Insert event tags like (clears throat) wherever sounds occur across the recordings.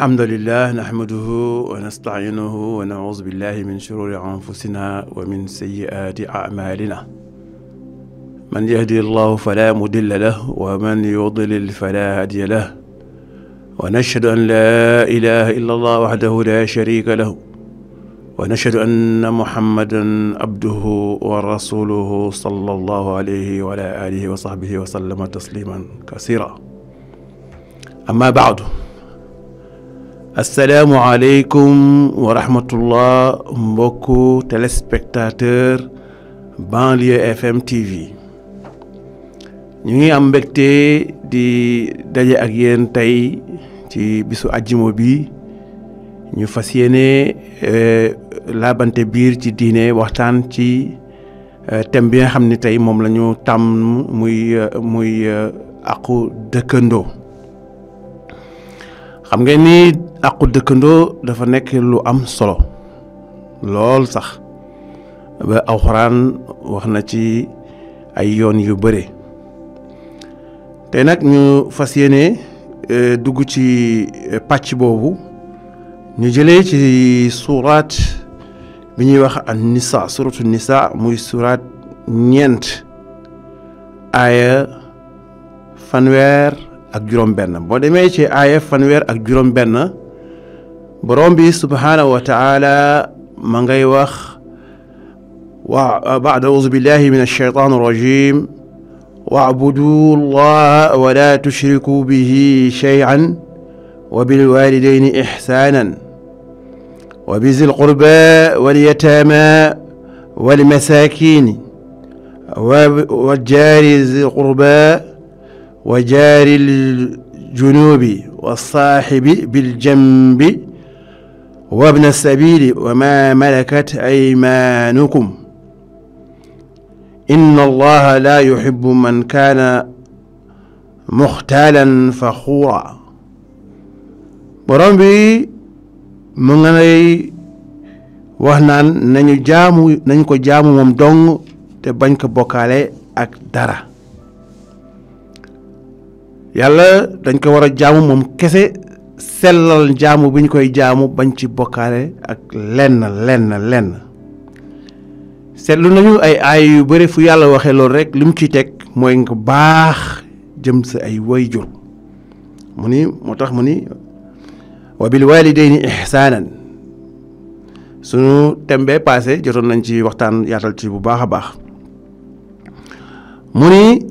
الحمد لله نحمده ونستعينه ونعوذ بالله من شرور أنفسنا ومن سيئات أعمالنا من يهدي الله فلا مضل له ومن يضلل فلا هادي له ونشهد أن لا إله إلا الله وحده لا شريك له ونشهد أن محمدا عبده ورسوله صلى الله عليه وعلى آله وصحبه وسلم تسليما كثيرا أما بعد asalaamualeykum wa rahmatullah mbokku téléspectateur banlieue FM TV ñu ngi am mbégte di daje ak yéen tey ci bisu ajjuma bi ñu fas yéene euh, laabante biir ci diine waxtaan ci euh, thème bi nga xam ni tey moom la tàmm muy euh, muy aqu dëkkandoo. xam nga ni àqu dëkkandoo dafa nekk lu am solo lool sax ba alxuraan wax na ci ay yoon yu bare tey nag ñu fas yéene e, dugg ci e, pàcc boobu ñu jëlee ci suuraat bi ñuy wax an nisa suratu nisa muy suuraat ñeent aaya fanweer ak juróom-benn boo demee ci aaya fanweer ak juróom-benn borom bi subhanahu wa taala ma ngay wax wa baad audu billahi min alcheytaan arrajim wacbuduu allaha wala tushrikuu bihi shay'an wa bilwalidayni ixsaanan wa bizi lqurba walyataama walmasaakini والجار ذي القربى وجار الجنوب والصاحب بالجنب وابن السبيل وما ملكت أيمانكم إن الله لا يحب من كان مختالا فخورا borom bi mu nga nay wax naan nañu jaamu nañ ko jaamu moom dong yàlla dañ ko war a jaamu moom kese sellal jaamu bi ñu koy jaamu bañ ci bokkaale ak lenn lenn lenn seetlu nañu ay aay yu bëri fu yàlla waxee loolu rek li mu ciy teg mooy nga baax jëm sa ay wayjur mu ni moo tax mu ni wa bil walidayni ihsaanan sunu tembe passé jotoon nañ ci waxtaan yaatal ci bu baax a baax mu ni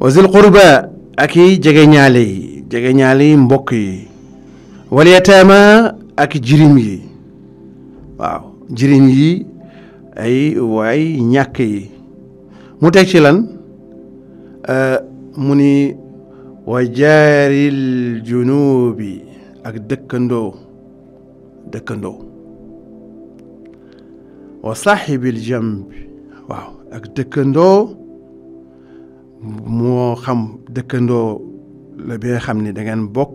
wa zil ak i jege yi jege ñaale yi mbokk yi wal ak jirim yi waaw jirim yi ay waay ñakk yi mu teg ci lan euh, mu ni wa jaaril junubi ak dëkkandoo dëkkandoo wa saaxibil jambi waaw ak dëkkandoo moo xam dëkkandoo la bi nga xam ni da ngeen bokk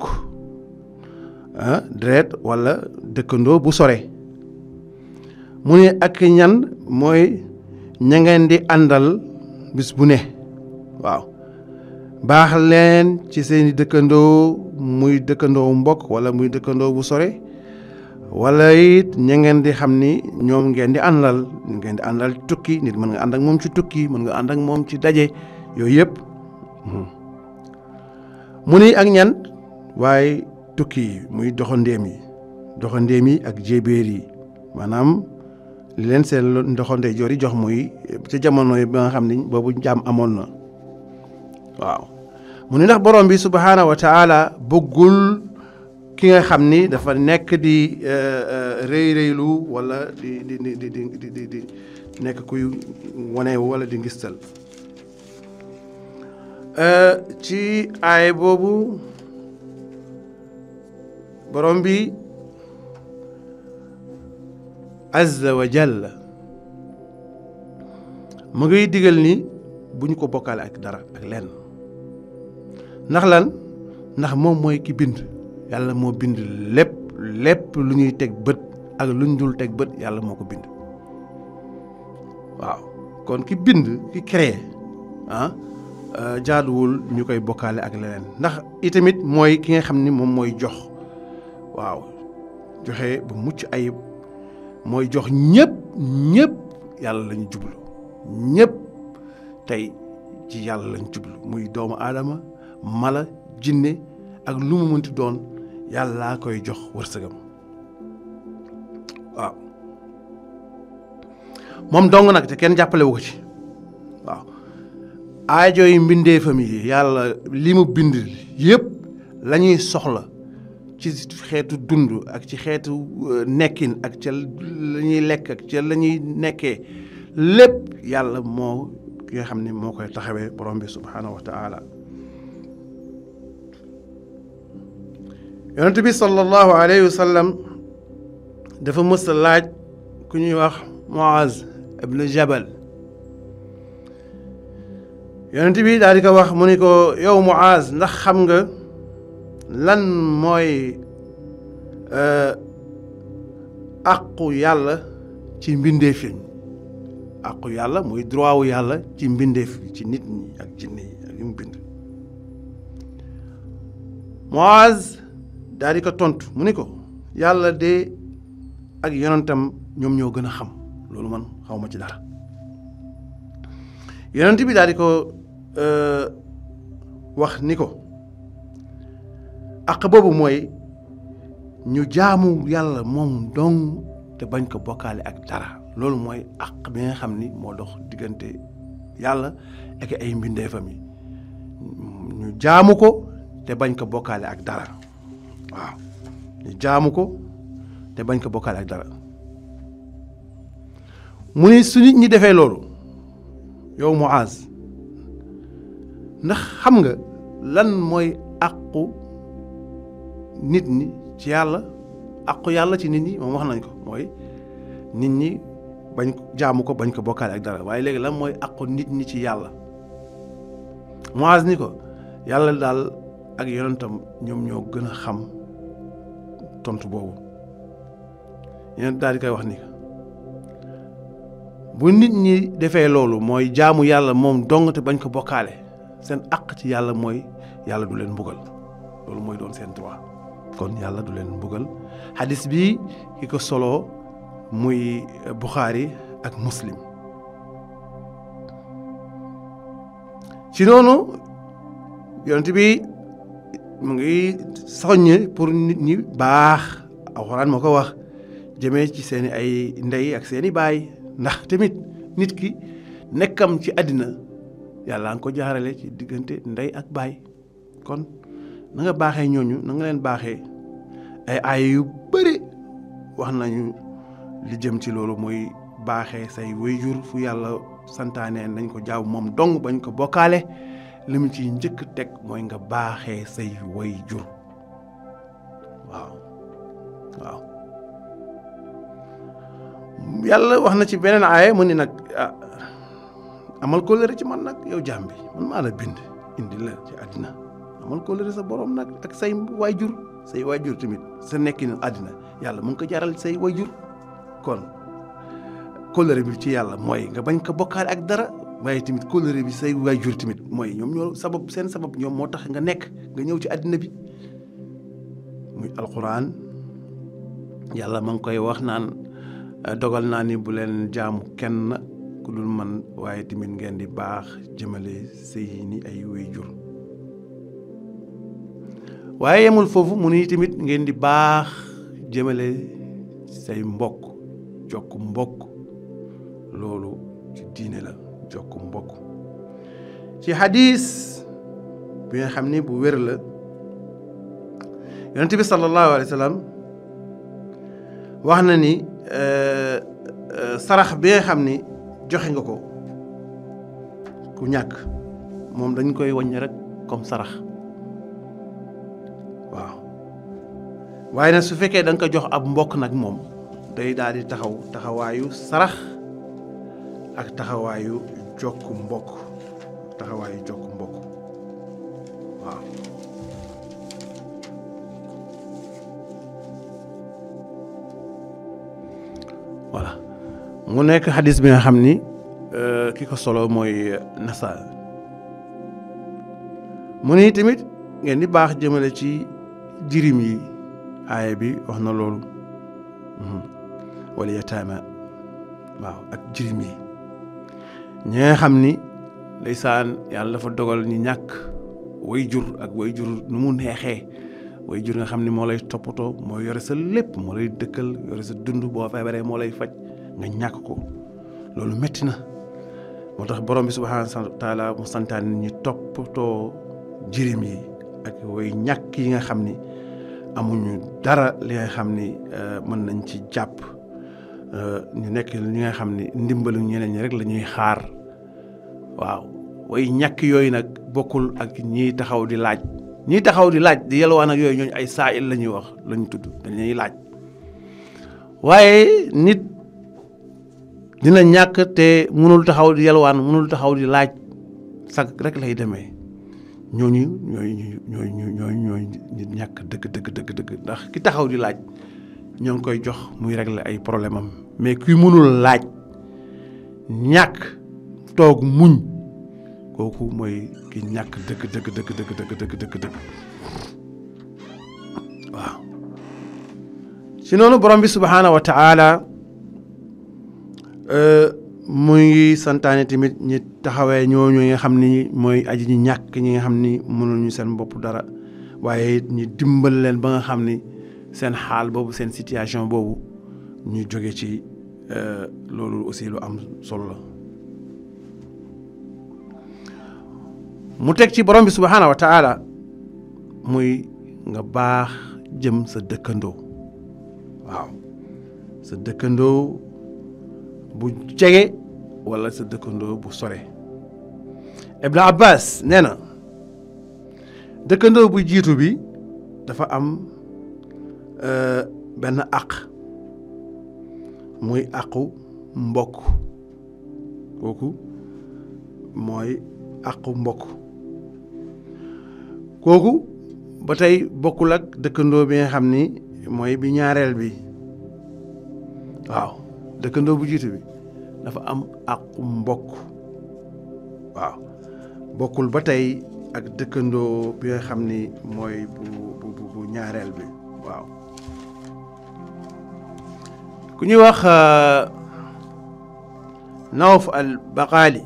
ah, dret wala dëkkandoo bu sore mu ne ak ñan mooy ña ngeen di àndal bis bu ne waaw baax leen ci seeni dëkkandoo muy dëkkandoo mbokk wala muy dëkkandoo bu sore wala it ña ngeen di xam ni ñoom ngeen di àndal ngeen di àndal tukki nit mën nga ànd ak moom ci tukki mën nga ànd ak moom ci daje yooyu yëpp mu ni ak ñan waaye tukki yi muy doxandéem yi doxandéem yi ak jébbéer yi maanaam li leen seen ndoxandey yi jox muy ca jamono yi ba nga xam ni boobu jaam amoon na waaw mu ni ndax borom bi subhaana wa taala bëggul ki nga xam ni dafa nekk di eh, eh, rëy rëylu wala di di di di di nekk kuy wane wala di ngistal ci e aay boobu borom bi azza wa jalla mu ngiy digal ni bu ñu ko bokkaale ak dara ak lenn ndax lan ndax moom mooy ki bind yàlla moo bind lépp lépp lu ñuy teg bët ak lu ñu dul teg bët yàlla moo ko bind waaw kon ki bind ki créé ah, Euh, jaaduwul ñu koy bokkaale ak leneen ndax itamit mooy ki nga xam ni moom mooy jox waaw joxe bu mucc ayib mooy jox ñëpp ñëpp yàlla lañu jublu ñëpp tey ci yàlla lañ jublu muy doomu aadama mala jinne ak lu mu mënti doon yàllaa koy jox wërsëgam waaw moom dong nag te kenn jàppalewu ko ci aajo yi mbindeefam yi yàlla li mu bind yépp la ñuy soxla ci xeetu dund ak ci xeetu nekkin ak ca la ñuy lekk ak ca la ñuy nekkee lépp yàlla moo ki nga xam ne moo koy taxawee borom bi subhaanahu wa taala yonent bi sallallahu alayhi wa sallam dafa mës a laaj ku ñuy wax Muaz ibn Jabal yonent bi daal di ko wax mu ni ko yow Muaz ndax xam nga lan mooy eh, àqu yàlla ci mbindeef yi àqu yàlla muy droit wu yàlla ci mbindeef ci nit ñi ak jinne yi ak yu mu bind Muaz daal ko tontu mu ni ko yàlla de ak yonentam ñoom ñoo gën a xam loolu man xaw ma ci dara yonent bi daal Euh, wax ni ko àq boobu mooy ñu jaamu yàlla moom dong te bañ ko bokkaale ak dara loolu mooy àq bi nga xam ni moo dox diggante yàlla ak ay mbindeefam yi ñu jaamu ko te bañ ko bokkaale ak dara waaw ñu jaamu ko te bañ ko bokkaale ak dara mu ni su nit ñi defee loolu yow Muaz ndax xam nga lan mooy àqu nit ñi ci yàlla àqu yàlla ci nit ñi moom wax nañ ko mooy nit ñi bañ jaamu ko bañ ko bokkaale ak dara waaye léegi lan mooy àqu nit ñi ci yàlla moise ni ko yàlla daal ak yonentam ñoom ñoo gën a xam tontu boobu yonent daal di koy wax ni bu nit ñi defee loolu mooy jaamu yàlla moom dong te bañ ko bokkaale seen àq ci yàlla mooy yàlla du leen mbugal loolu mooy doon seen droit kon yàlla du leen mbugal xadis bi ki ko solo muy Buxaari ak Muslim ci noonu yont bi mu ngi soññ pour nit ñi baax alxuraan moo ko wax jëme ci seeni ay ndey ak seeni baay ndax tamit nit ki nekkam ci àddina yàlla nga ko jaarale ci diggante ndey ak baay kon na nga baaxee ñooñu nanga leen baaxe ay aay yu bëri wax nañu li jëm ci loolu mooy baaxe say wéyjur fu yàlla santaane nañ ko jaaw moom dong bañ ko bokkaale li mu ciy njëkk teg mooy nga baaxe say wéyjur waaw waaw yàlla wax na ci beneen aaye mu ni nag ah, amal kóllëre ci man nag yow jaam bi man maa la bind indi la ci àddina amal kóllëre sa borom nag ak say waajur say waajur tamit sa nekkin àddina yàlla mu ngi ko jaral say waajur bi ci yàlla mooy nga bañ ko bokkaale ak dara waaye tamit bi say waajur tamit mooy ñoom ñoo sabab seen sabab ñoom moo tax nga nekk nga ñëw ci àddina bi muy yàlla ma ngi koy wax naan dogal naa ni bu leen jaamu kenn ku man waaye tamit ngeen di baax jëmale ni ay waajur waaye yemul foofu mu ni tamit ngeen di baax jëmale say mbokk jokk mbokk loolu ci diine la jokk mbokk ci xadis bi nga xam ni bu wér la yonent bi sallallahu alayhi wa wax na ni euh, euh, sarax bi nga xam ni joxe nga ko ku ñàkk moom dañ koy wàññi rek comme sarax waaw waaye nag su fekkee da ko jox ab mbokk nag moom day daal di taxaw taxawaayu sarax ak taxawaayu jokk mbokk taxawaayu jokk mbokk waaw voilà mu nekk xadis bi nga xam ni euh, ki ko solo mooy euh, nasa mu ne tamit ngeen di baax jëmale ci jirim yi aaya bi wax na loolu mhm. wala yataama waaw ak jirim yi ñi xam ni ndeysaan yàlla dafa dogal ñi ñàkk way jur ak way jur nu mu neexee way jur nga xam ni moo lay toppatoo moo yore sa lépp moo lay dëkkal yore sa dund boo feebaree moo lay faj nga ñàkk ko loolu metti na moo tax borom bi subhaanahu wa taala mu santaane ñu toppatoo jirim yi ak way ñàkk yi nga xam ni amuñu dara li nga xam ni euh, mën nañ ci jàpp euh, ñu nekk ñi nga xam ni ndimbalu ñeneen ñi rek la ñuy xaar waaw way ñàkk yooyu nag bokkul ak ñiy taxaw di laaj ñiy taxaw di laaj di yelwaan ak yooyu ñooñu ay saa la ñuy wax la ñu tudd dañuy laaj waaye nit dina ñàkk te mënul taxaw di yalwaan mënul taxaw di laaj sag rek lay demee ñooñu ñooy ñooy ñooy ñooy nit ñàkk dëgg dëgg dëgg dëgg ndax ki taxaw di laaj ñoo ngi koy jox muy la ay problème am mais kuy mënul laaj ñàkk toog muñ kooku mooy ki ñàkk dëgg dëgg dëgg dëgg dëgg dëgg waaw si noonu borom bi subhaana wa mu ngi santaane tamit ñi taxawee ñooñu nga xam ni mooy aji ñi ñàkk ñi nga xam ni mënuñu seen bopp dara waaye ñi dimbal leen ba nga xam ni seen xaal boobu seen situation boobu ñu jóge ci euh, loolu aussi lu am solo la mu teg ci borom bi subhaanahu wa taala muy nga baax jëm sa dëkkandoo waaw sa dëkkandoo bu jege walla sa dëkkandoo bu sore Ibn Abbas nee na dëkkandoo bu jiitu bi dafa am euh, benn àq muy àqu mbokk kooku mooy àqu mbokk kooku ba tey bokkul ak dëkkandoo bi nga xam ni mooy bi ñaareel bi waaw dëkkandoo bu jiite bi dafa am àqu mbokk waaw bokkul ba tey ak dëkkandoo bi nga xam ni mooy bu bu bu ñaareel bi waaw ku ñuy wax euh, nawf al baqaali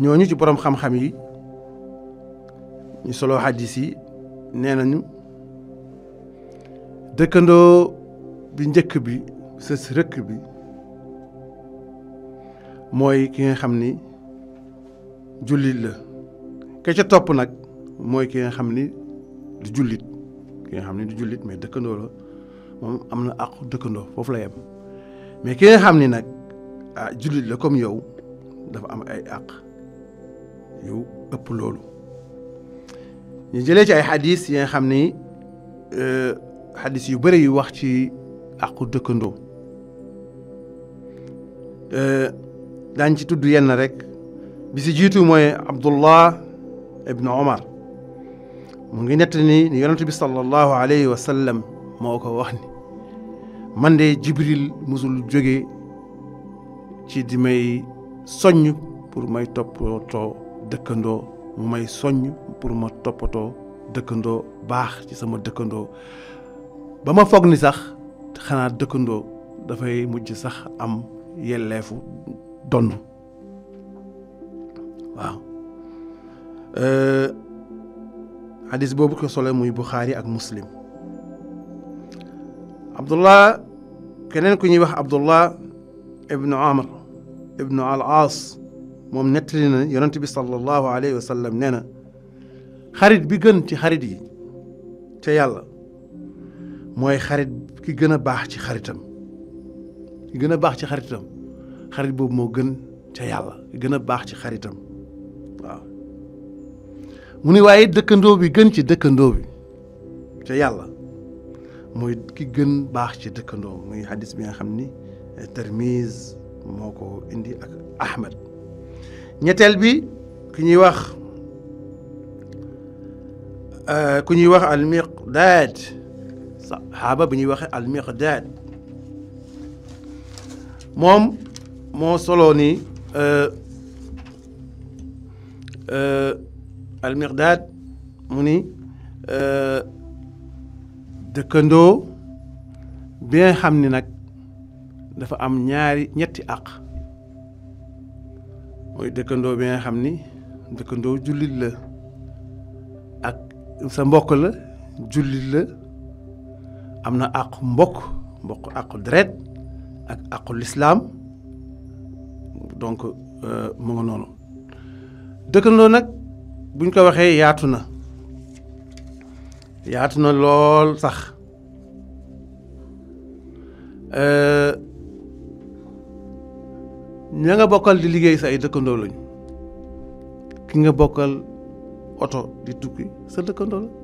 ñooñu ci boroom xam-xam yi ñu solo xaddis yi nee nañu dëkkandoo bi njëkk bi sës rëkk bi mooy ki nga xam ni jullit la ke ca topp nag mooy ki nga xam ni du jullit ki nga xam ni du jullit mais dëkkandoo la moom am na àqu dëkkandoo foofu la yem mais ki nga xam ni nag ah jullit la comme yow dafa am ay àq yu ëpp loolu ñu jëlee ci ay xadis yi nga xam ni xadis yu bëri yu wax ci àqu dëkkandoo daañ ci tudd yenn rek bi si jiitu mooy abdullah ibnu omar mu ngi nett ni ni yonent bi sallallahu alayhi wa sallam moo ko wax ni man de jibril musul jóge ci di may soññ pour may toppatoo dëkkandoo mu may soññ pour ma toppatoo dëkkandoo baax ci sama dëkkandoo ba ma foog ni sax xanaa dëkkandoo dafay mujj sax am yelleefu donn waaw hadis boobu ko solo muy buxaari ak muslim abdullah keneen ku ñuy wax abdullah ibnu amr ibnu al aas moom nettali na yonent bi sallallahu alayhi wa sallam nee na xarit bi gën ci xarit yi ca yàlla mooy xarit ki gën a baax ci xaritam ki gën a baax ci xaritam xarit boobu moo gën ca yàlla ki gën a baax ci xaritam waaw mu ni waaye dëkkandoo bi gën ci dëkkandoo bi ca yàlla mooy ki gën baax ci dëkkandoo muy hadis bi nga xam ni Tirmizi moo ko indi ak Ahmed ñetteel bi ku ñuy wax ku ñuy wax al miqdaad saxaaba bu ñuy waxee al miqdaad moom moo soloo ni euh, euh, almiqdaad mu ni euh, dëkkandoo bi xam ni nag dafa am ñaari ñetti àq mooy dëkkandoo bi nga xam ni dëkkandoo jullit la ak sa mbokk la jullit la am na àq mbokk mbokk àq deret ak aqul lislaam donc euh, mu nga noonu dëkkandoo nag buñ ko waxee yaatu na yaatu na lool sax euh, ña nga bokkal di liggéey sa ay dëkkandoo lañu ki nga bokkal oto di tukki sa dëkkandoo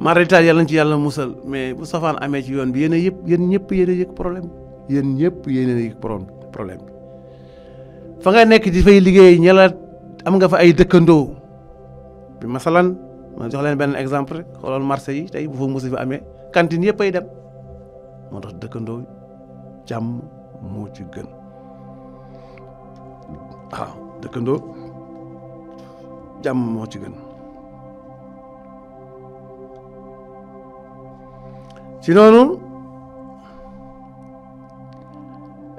marital yàlla ci yàlla musal mais bu safaan amee ci yoon bi yéen a yëpp yéen ñëpp yéen a yëg problème yéen ñëpp yéen a yëg problème fa nga nekk di fay liggéey ñala am nga fa ay dëkkandoo bi masalan ma jox leen benn exemple xoolal marché yi tey bu fa musi fi amee cantine yëpp ay dem moo tax dëkkandoo jàmm moo ci gën waaw dëkkandoo jàmm moo ci gën شلونهم؟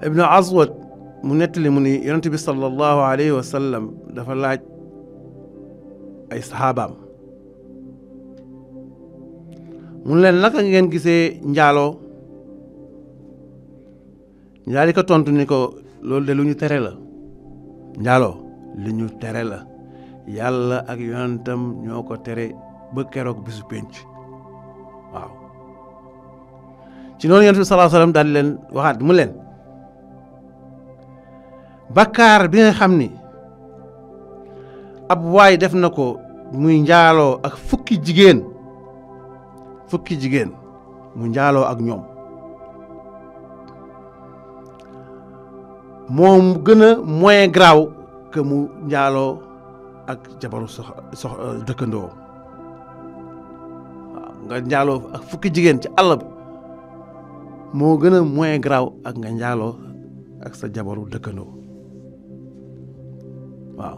ابن عزود منتلي من ينتبي صلى الله عليه وسلم دفلاج اي صحابام من لن لك نجن كسي نجالو نجالي كتونت نيكو لول دي لوني تريلا نجالو لوني تريلا يالا اك يونتم نيوكو تري بكروك بسو بنتي ci noonu yonent bi sallallahu alayhi leen waxaat mu leen bakkaar bi nga xam ni ab waay def na ko muy njaaloo ak fukki jigéen fukki jigéen mu njaaloo ak ñoom moo gën a moins grave que njaaloo ak jabaru sox sox dëkkandoo waaw ak fukki jigéen ci àll moo gën a moins grave ak nga njaaloo ak sa jabaru dëkkandoo waaw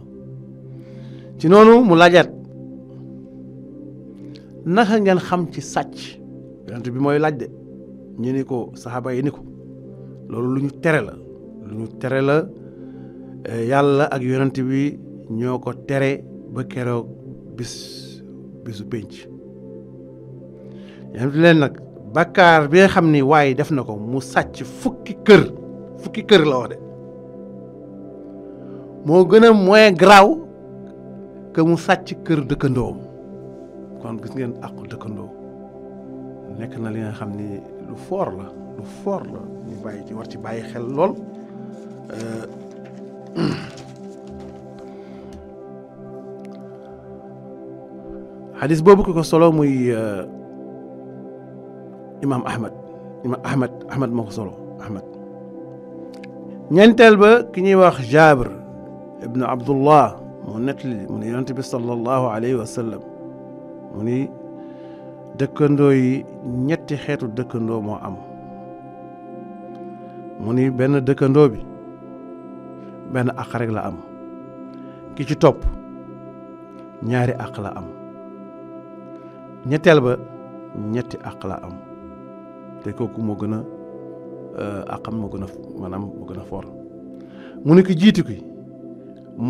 ci noonu mu laajaat naka ngeen xam ci sàcc yonent bi mooy laaj de ñu ni ko saxaaba yi ni ko loolu lu ñu tere la lu ñu tere la eh, yàlla ak yonent bi ñoo ko tere ba keroog bis bisu pénc yonent leen nag bakkaar bi nga xam ni waaye def na ko mu sàcc fukki kër fukki kër la wax de moo gën a moins grave que mu sàcc kër dëkkandoom kon gis ngeen àqu dëkkandoo nekk na li nga xam ni lu foor la lu foor la ñu bàyyi ci war ci bàyyi xel lool xalis boobu ki ko solo muy euh, imam ahmad imaam ahmad ahmad moo ko solo ahmad ñeenteel ba ki ñuy wax jabr ibn abdullah moo nettali mu ne yonent bi sallallahu alayhi wa sallam mu ni dëkkandoo yi ñetti xeetu dëkkandoo moo am mu ni benn dëkkandoo bi benn àq rek la am ki ci topp ñaari àq la am ñetteel ba ñetti àq la am te kooku moo gën a euh, àqam moo gën a maanaam moo gën a for mu ne ki jiitu ki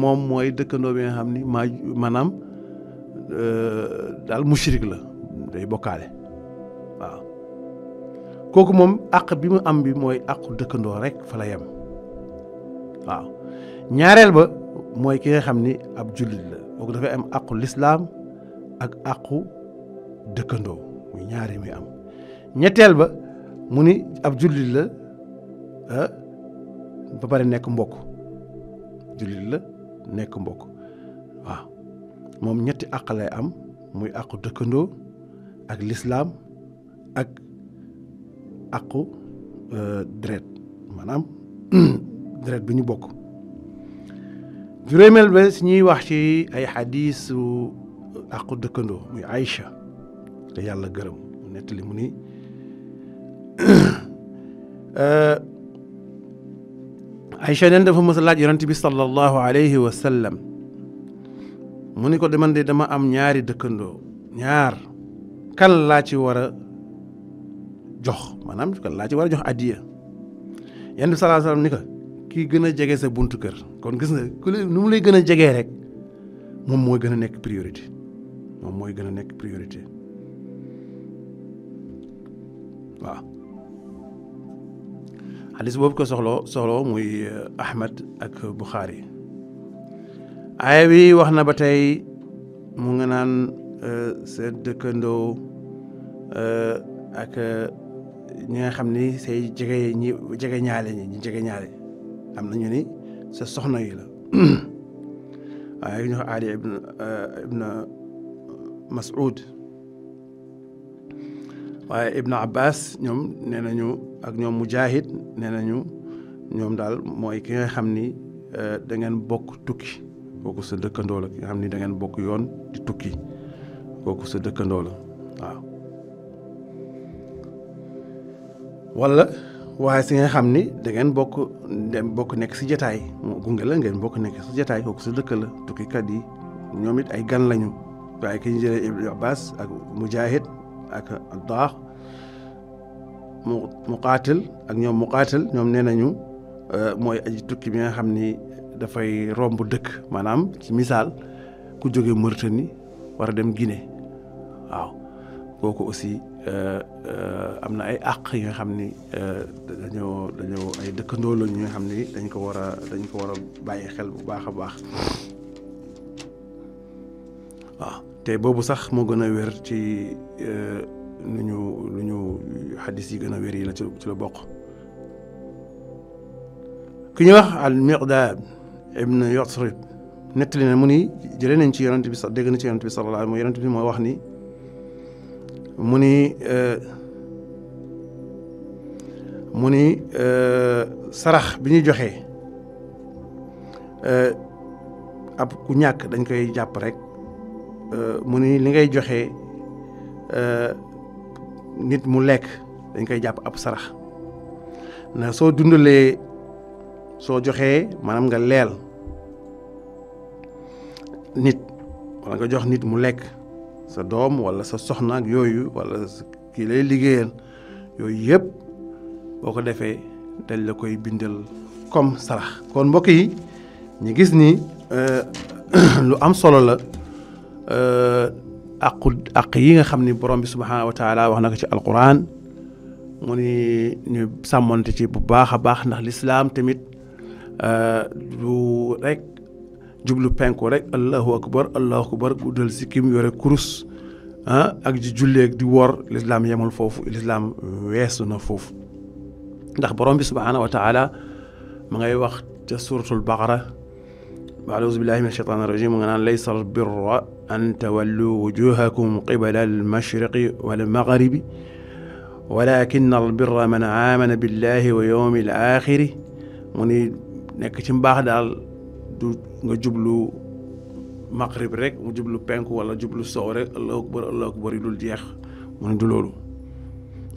moom mooy dëkkandoo bi nga xam ni maa maanaam euh, daal mushrik la day bokkaale waaw kooku moom àq bi mu am bi mooy àqu dëkkandoo rek fa la yem waaw ñaareel ba mooy ki nga xam ni ab jullit la kooku dafay am àqu lislaam ak àqu dëkkandoo muy ñaari muy am ñetteel ba mu ni ab jullit la ah ba pare nekk mbokk jullit la nekk mbokk waaw moom ñetti àq lay am muy àqu dëkkandoo ak lislaam ak àqu euh, deret maanaam (clears throat) deret bi ñu bokk juróomeel ba si ñuy wax ci ay xadiisu àqu dëkkandoo muy Aïcha te yàlla gërëm nettali mu ni Eh, ay neen dafa mës a laaj yonent bi sallallahu alayhi wa sallam mu ni ko de de dama am ñaari dëkkandoo ñaar kan laa ci war a jox maanaam kan laa ci war a jox addiya yonent bi sallallahu alayhi ni ko kii gën a jege sa buntu kër kon gis na ku nu lay gën a jegee rek moom mooy gën a nekk priorité moom mooy gën a nekk priorité waaw xaalis boobu ko soxloo soxloo muy Ahmad ak Bukhari aaya bi wax na ba tey mu nga naan sa dëkkandoo ak ñi nga xam ni say jege ñi jege ñaale ñi ñi jege ñaale am na ñu ni sa soxna yi la waaye ñu wax Ali ibn ibn Mas'ud waaye Ibn Abbas ñoom nee nañu ak ñoom Mujahid nee nañu ñoom daal mooy ki nga xam ni euh, dangeen bokk tukki kooku sa dëkkandoo la ki nga xam ni da ngeen bokk yoon tukki kooku sa dëkkandoo la waaw walla si nga xam ni da bokk dem bokk nekk ci jataay moo gunge la ngeen bokk nekk ci jataay kooku sa dëkk la tukkikat yi ñoom it ay gan lañu waaye ki ñu jëlee Ibn baas ak Mujahid ak Daax mu muqaatil ak ñoom muqaatil ñoom nee nañu euh, mooy aji tukki bi nga xam ni dafay romb dëkk maanaam ci misaal ku jóge Mauritanie war a dem Guinée waaw kooku aussi euh, euh, am na ay àq yi nga xam ni dañoo dañoo ay dëkkandoo lañu nga xam ni dañ ko war a dañ ko war a bàyyi xel bu baax a baax waaw te boobu sax moo gën a wér ci lu ñu lu ñu xaddis yi gën a wér yi la ci ci la bokk ki ñu wax al miqdaad ibn yusrib nettali na mu ni jëlee nañ ci yonent bi sax dégg na ci yonent bi sallallahu alayhi wa sallam yonent bi moo wax ni mu ni mu ni sarax bi ñuy joxe ab ku ñàkk dañ koy jàpp rek mu ni li ngay joxe nit mu lekk dañ koy jàpp ab sarax na soo dundalee soo joxee maanaam nga leel nit wala nga jox nit mu lekk sa doom walla sa soxna yooyu wala kii lay liggéeyal yooyu yëpp boo ko defee dañ la koy bindal comme sarax kon mbokk yi ñu gis ni euh, (coughs) lu am solo la euh, aqu aq yi nga xam ni borom bi subhanahu wa taala wax na ko ci alquran mu ni ñu sàmmonte ci bu baax a baax ndax lislaam tamit lu rek jublu penku rek allahu akbar allahu akbar guddal sikkim yore kurus ah ak di julleeg di wor lislaam yemul foofu lislaam weesu na foofu ndax borom bi subhanahu wa taala ma ngay wax ca suratul baqara أعوذ بالله من الشيطان الرجيم أن ليس البر أن تولوا وجوهكم قبل المشرق والمغرب ولكن البر من آمن بالله ويوم الآخر موني نكتم بعد جبلو مغرب رك وجبلو بنك ولا جبلو صور الله أكبر الله أكبر يلول ديخ موني دلولو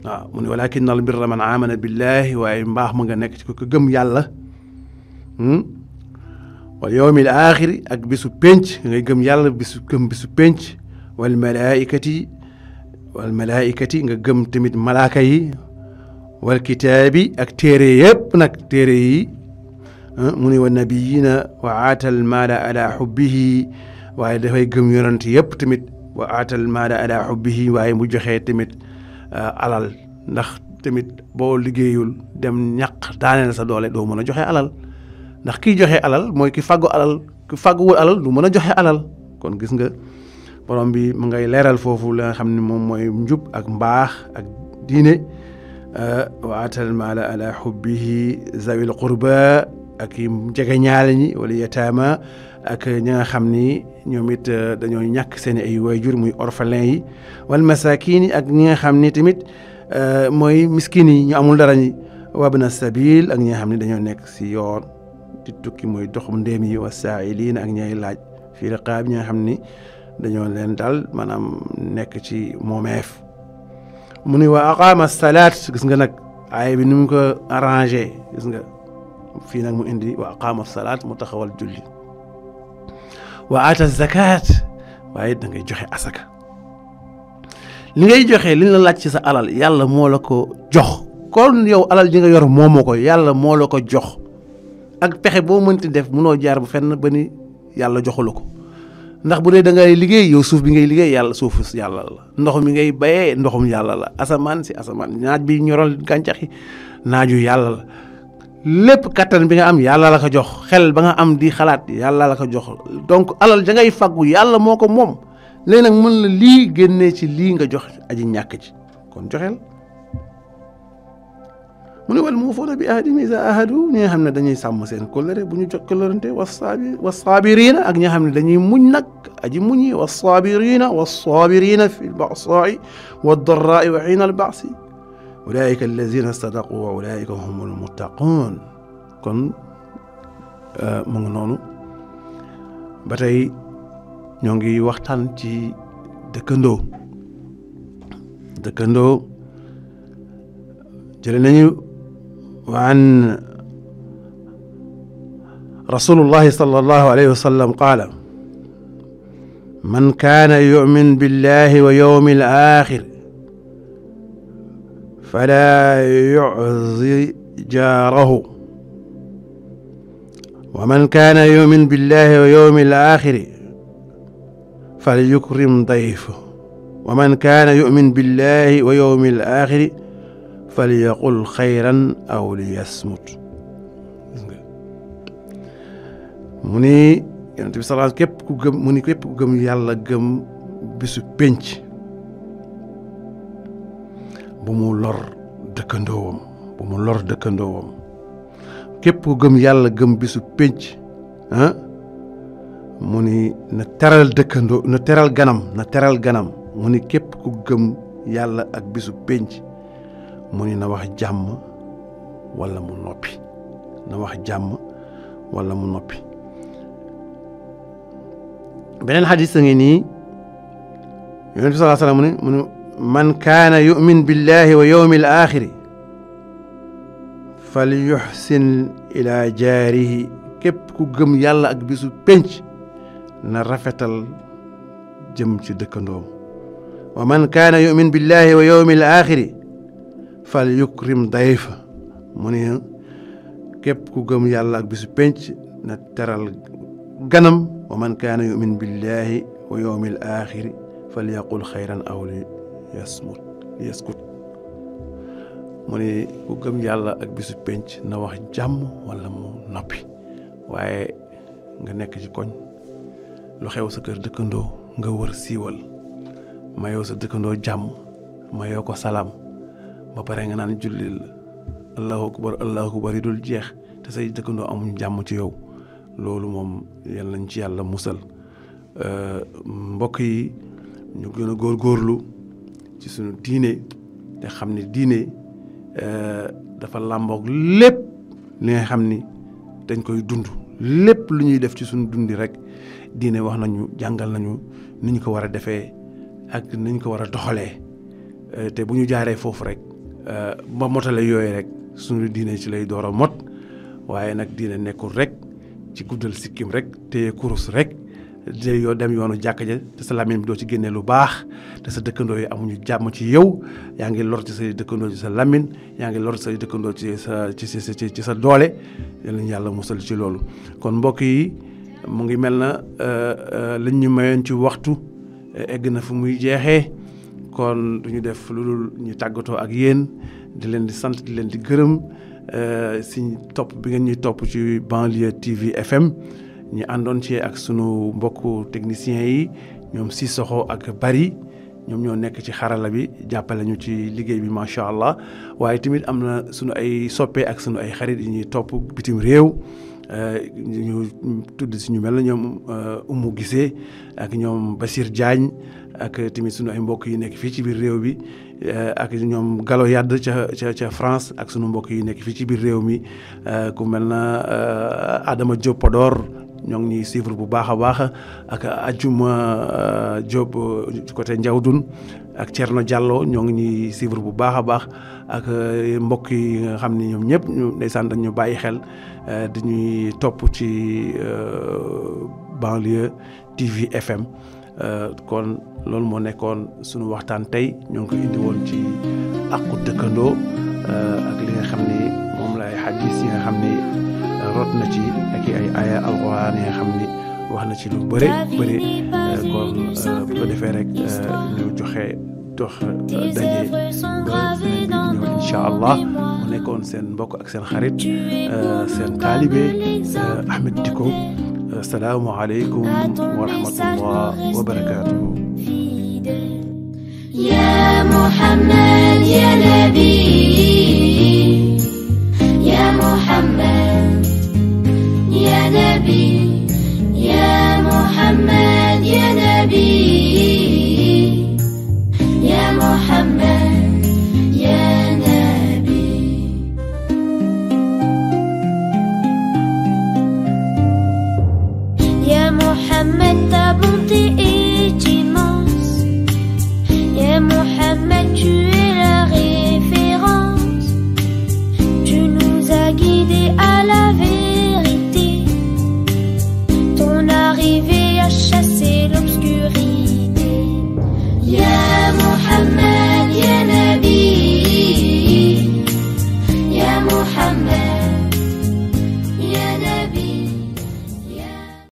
آه، موني ولكن البر من آمن بالله وإن باه مغنك كجم يالله واليوم الآخر أكبس بنش غي قم يالا بسو بسو بنش والملائكة والملائكة غي قم تمد ملاكي والكتاب أكتيري يب نكتيري أه، مني والنبيين وعات المال على حبه وعيده غي قم يرنت يب تمد وعات المال على حبه وعي مجخي تمد أه، على النخ تمد بول جيول دم نق دانا سدولة دومنا جخي على الله ndax kiy joxe alal mooy ki fàggu alal ki fàgguwul alal du mën a joxe alal kon gis nga borom bi mu ngay leeral foofu la nga xam ne moom mooy njub ak mbaax ak diine wa atal mala ala xubbihi zawil qurba ak i jege ñaale ñi wala yataama ak ñi nga xam ni ñoom it dañoo ñàkk seen ay wayjur muy orphelin yi wal masakin yi ak ñi nga xam ni tamit mooy miskin yi ñu amul dara ñi wabna sabil ak ñi nga xam ni dañoo nekk si yoon di tukki mooy doxum ndéem yi wa saa yi lii ak ñay laaj fii riqaab ñi nga xam ni dañoo leen dal maanaam nekk ci moomeef mu ni waa aqaama gis nga nag aay bi ni ko arrangé gis nga fii nag mu indi waa aqaama salaat mu taxawal julli wa aata zakat waaye da ngay joxe asaka li ngay joxe li la laaj ci sa alal yàlla moo la ko jox kon yow alal ji nga yor momoko yàlla moo la ko jox ak pexe boo mënti def munoo jaar ba fenn ba ni yàlla joxula ko ndax bu dee da ngay liggéey yow suuf bi ngay liggéey yàlla suufu yàlla la ndox mi ngay bayee ndoxum yàlla la asamaan si asamaan naaj bi ñoral gàncax yi naaju yàlla la lépp kàttan bi nga am yàlla la ko jox xel ba nga am di xalaat yàlla la ko jox donc alal dangay ngay faggu yàlla moo ko moom léegi nag mën la lii génnee ci lii nga jox aji ñàkk ji kon joxeel mu ne wal muufoona bi ahdim isa ahadu ñi nga xam ne dañuy sàmm seen kóllëre bu ñu jot kóllërante wasaabi wasaabirina ak ñi nga xam ne dañuy muñ nag aji muñi wasaabirina wasaabirina fi lbasaai waddaraai wa xiina albasi ulaika alladina sadaqu wa ulaika hum almuttaqun kon mu ngi noonu ba tey ñoo ngi waxtaan ci dëkkandoo dëkkandoo jële nañu وعن رسول الله صلى الله عليه وسلم قال من كان يؤمن بالله ويوم الآخر فلا يعزي جاره ومن كان يؤمن بالله ويوم الآخر فليكرم ضيفه ومن كان يؤمن بالله ويوم الآخر فليقل خيرا او ليصمت موني يعني صلى كيب كو گم موني كيب كو گم يالا گم بيسو بنچ بومو لور دكندوم بومو لور دكندوم كيب كو گم يالا گم بيسو بنچ ها موني نترال دكندو نترال گنم نترال گنم موني كيب كو گم يالا اك بيسو بنچ mu na wax jàmm wala mu noppi na wax jàmm wala mu noppi beneen xadis a ngi nii yonent bi salaa salaam mu ne man kaana yumin billahi wa yowmi al axiri fal ila jaarihi képp ku gëm yàlla ak bisu pénc na rafetal jëm ci dëkkandoom wa man kaana yumin billahi wa yowmi al axiri فليكرم ضيفه موني كيب كو غم يالا بيس بنت نترال غنم ومن كان يؤمن بالله ويوم الاخر فليقل خيرا او ليصمت ليسكت موني كو غم يالا اك بيس بنت نوخ جام ولا مو نوبي واي nga nek ci koñ lu xew sa kër dëkkandoo nga wër siiwal mayoo sa dëkkandoo jàmm mayoo ko salaam ba pare nga naan jullit la allahu akbar allahu akbar yi dul jeex te say dëkkandoo amuñ jàmm ci yow loolu moom yal nañ ci yàlla musal euh, mbokk yi ñu gën a góor góorlu ci suñu diine te xam ne diine euh, dafa làmboog lépp li xam ni dañ koy dund lépp lu ñuy def ci suñu dundi rek diine wax nañu jàngal nañu ni ñu ko war a defee ak ni ñu ko war a doxalee euh, te bu ñu jaaree foofu rek ba motale yooyu rek suñu diine ci lay door a mot waaye nag diine nekkul rek ci guddal sikkim rek téye kurus rek di yoo dem yoonu jàkk ja te sa làmmiñ bi doo ci génnee lu baax te sa dëkkandoo yi amuñu jàmm ci yow yaa ngi lor ci say dëkkandoo sa làmmiñ yaa ngi lor say dëkkandoo ci sa ci sa ci sa doole yal nañu yàlla musal ci loolu. kon mbokk yi mu ngi mel na euh, euh, lañ ñu mayoon ci waxtu egg na fu muy jeexee. kon du ñu def lu dul ñu tàggatoo ak yéen di leen di sant di leen di gërëm euh, si topp bi ngeen ñuy topp ci banlieue TV FM ñu àndoon ci ak sunu mbokk techniciens yi ñoom si soxo ak Bari ñoom ñoo nekk ci xarala bi jàppale ñu ci liggéey bi macha allah waaye tamit am na sunu ay soppee ak sunu ay xarit yi ñuy topp bitim réew. Euh, ñu tudd si ñu mel na ñoom euh, Oumou gisee ak ñoom Basir Diagne ak tamit sunu ay mbokk yu nekk fii ci biir réew mi euh, ak ñoom Gallo Yadd ca France ak sunu mbokk yu nekk fii ci biir réew mi ku mel na Adama Diop Podor ñoo ngi ñuy bu baax a baax ak Ajuma Diop côté Ndiawdun ak Thierno jàlloo ñoo ngi ñuy suivre bu baax a baax ak euh, mbokk yi xam ni ñoom ñëpp ñu ndeysaan dañ ñu bàyyi xel euh, di ñuy topp ci euh, banlieue TV FM kon loolu moo nekkoon suñu waxtaan tey ñoo ngi indi woon ci àqu dëkkandoo ak li nga xam ni moom la ay yi nga xam ni root na ci ak ay aaya xam ni wax na ci lu bëri bëri kon bu ko defee rek ñu joxe dox daje ba beneen bi ñëw incha allah mu nekkoon seen mbokk ak seen xarit seen taalibe Ahmed Dicko asalaamu aleykum wa rahmatullah wa barakatuhu يا محمد يا نبي amen